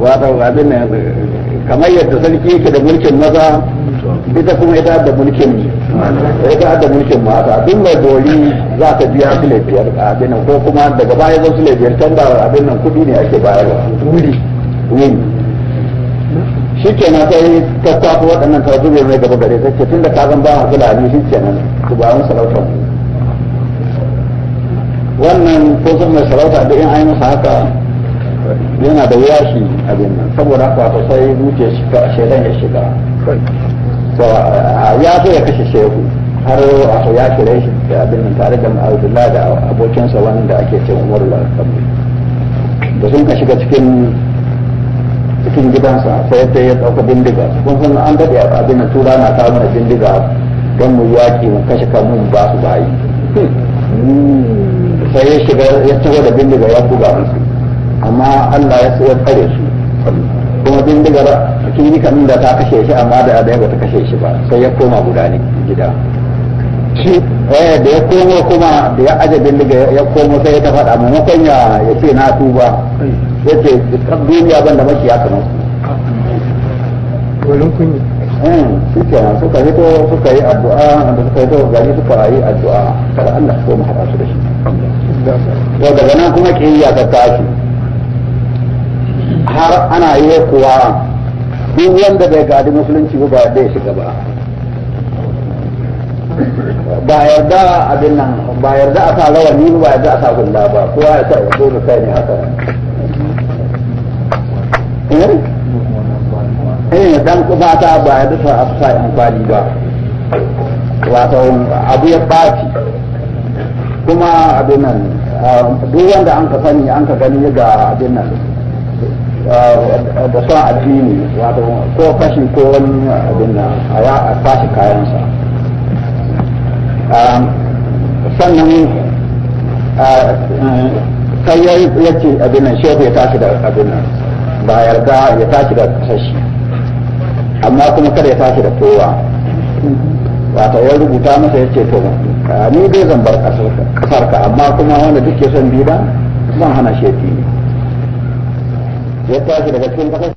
wato abin nan kamar yadda sarki yake da mulkin maza ita kuma ita da mulkin ita da mulkin mata duk mai doli za ta biya su biyar abin nan ko kuma daga baya zan su biyar can da abin nan kudi ne ake bayarwa wuri wuri shi kenan sai ta tafi waɗannan ta zube mai gaba gare ta ce tun da kazan zan ba a fulani shi nan su ba wani sarauta wannan ko sun mai sarauta da in an yi masa haka yana da yashi a abin nan saboda haka ba sai wuce shiga shaidan ya shiga to ya zo ya kashe shehu har wato ya kire shi da abin nan tare da Abdullahi da abokinsa wanda ake ce Umar al da sun ka shiga cikin cikin gidansa sai ta ya dauka bindiga kun san an a abin nan tura na kawo mana bindiga don mu yaƙi mu kashe mun ba su bayi hmm. sai ya shiga ya tawo da bindiga ya buga musu amma Allah ya tsaye tsare su kuma bindigar kinikan da ta kashe shi amma da ɗaya ba ta kashe shi ba sai ya koma guda ne gida shi eh da ya koma kuma da ya aje bindiga ya koma sai ya ta faɗa maimakon ya ya ce na tuba ya ce duniya ban da makiya kamar su wurin kunyi eh, ke nan suka yi to suka yi addu'a da suka yi hito gari suka yi addu'a kada Allah su koma haɗa su da shi daga nan kuma ƙiyayya ta tashi har ana yi kuwa duk wanda bai gadi musulunci ba bai shiga ba ba yarda abin nan ba yarda a sa rawani ba yarda a sa gunda ba kowa ya sa dole kai ne haka eh, eh dan ba ta ba yarda sa afsa in kwali ba wato abu ya baci kuma abin nan ah, duk wanda an ka sani an ka gani ga abin nan Ah, da son addini wato ko fashi ko wani abin na a ya a kwashe kayansa ah, sannan ah, sai ya ce abin nan shehu ya tashi da abin nan ba yarda ya tashi da sashi amma kuma kada ya tashi da kowa wato ya rubuta masa ya ce to ni dai zan bar kasar ka amma kuma wanda duk ya son bi ba zan hana shefi ne 别关系那个村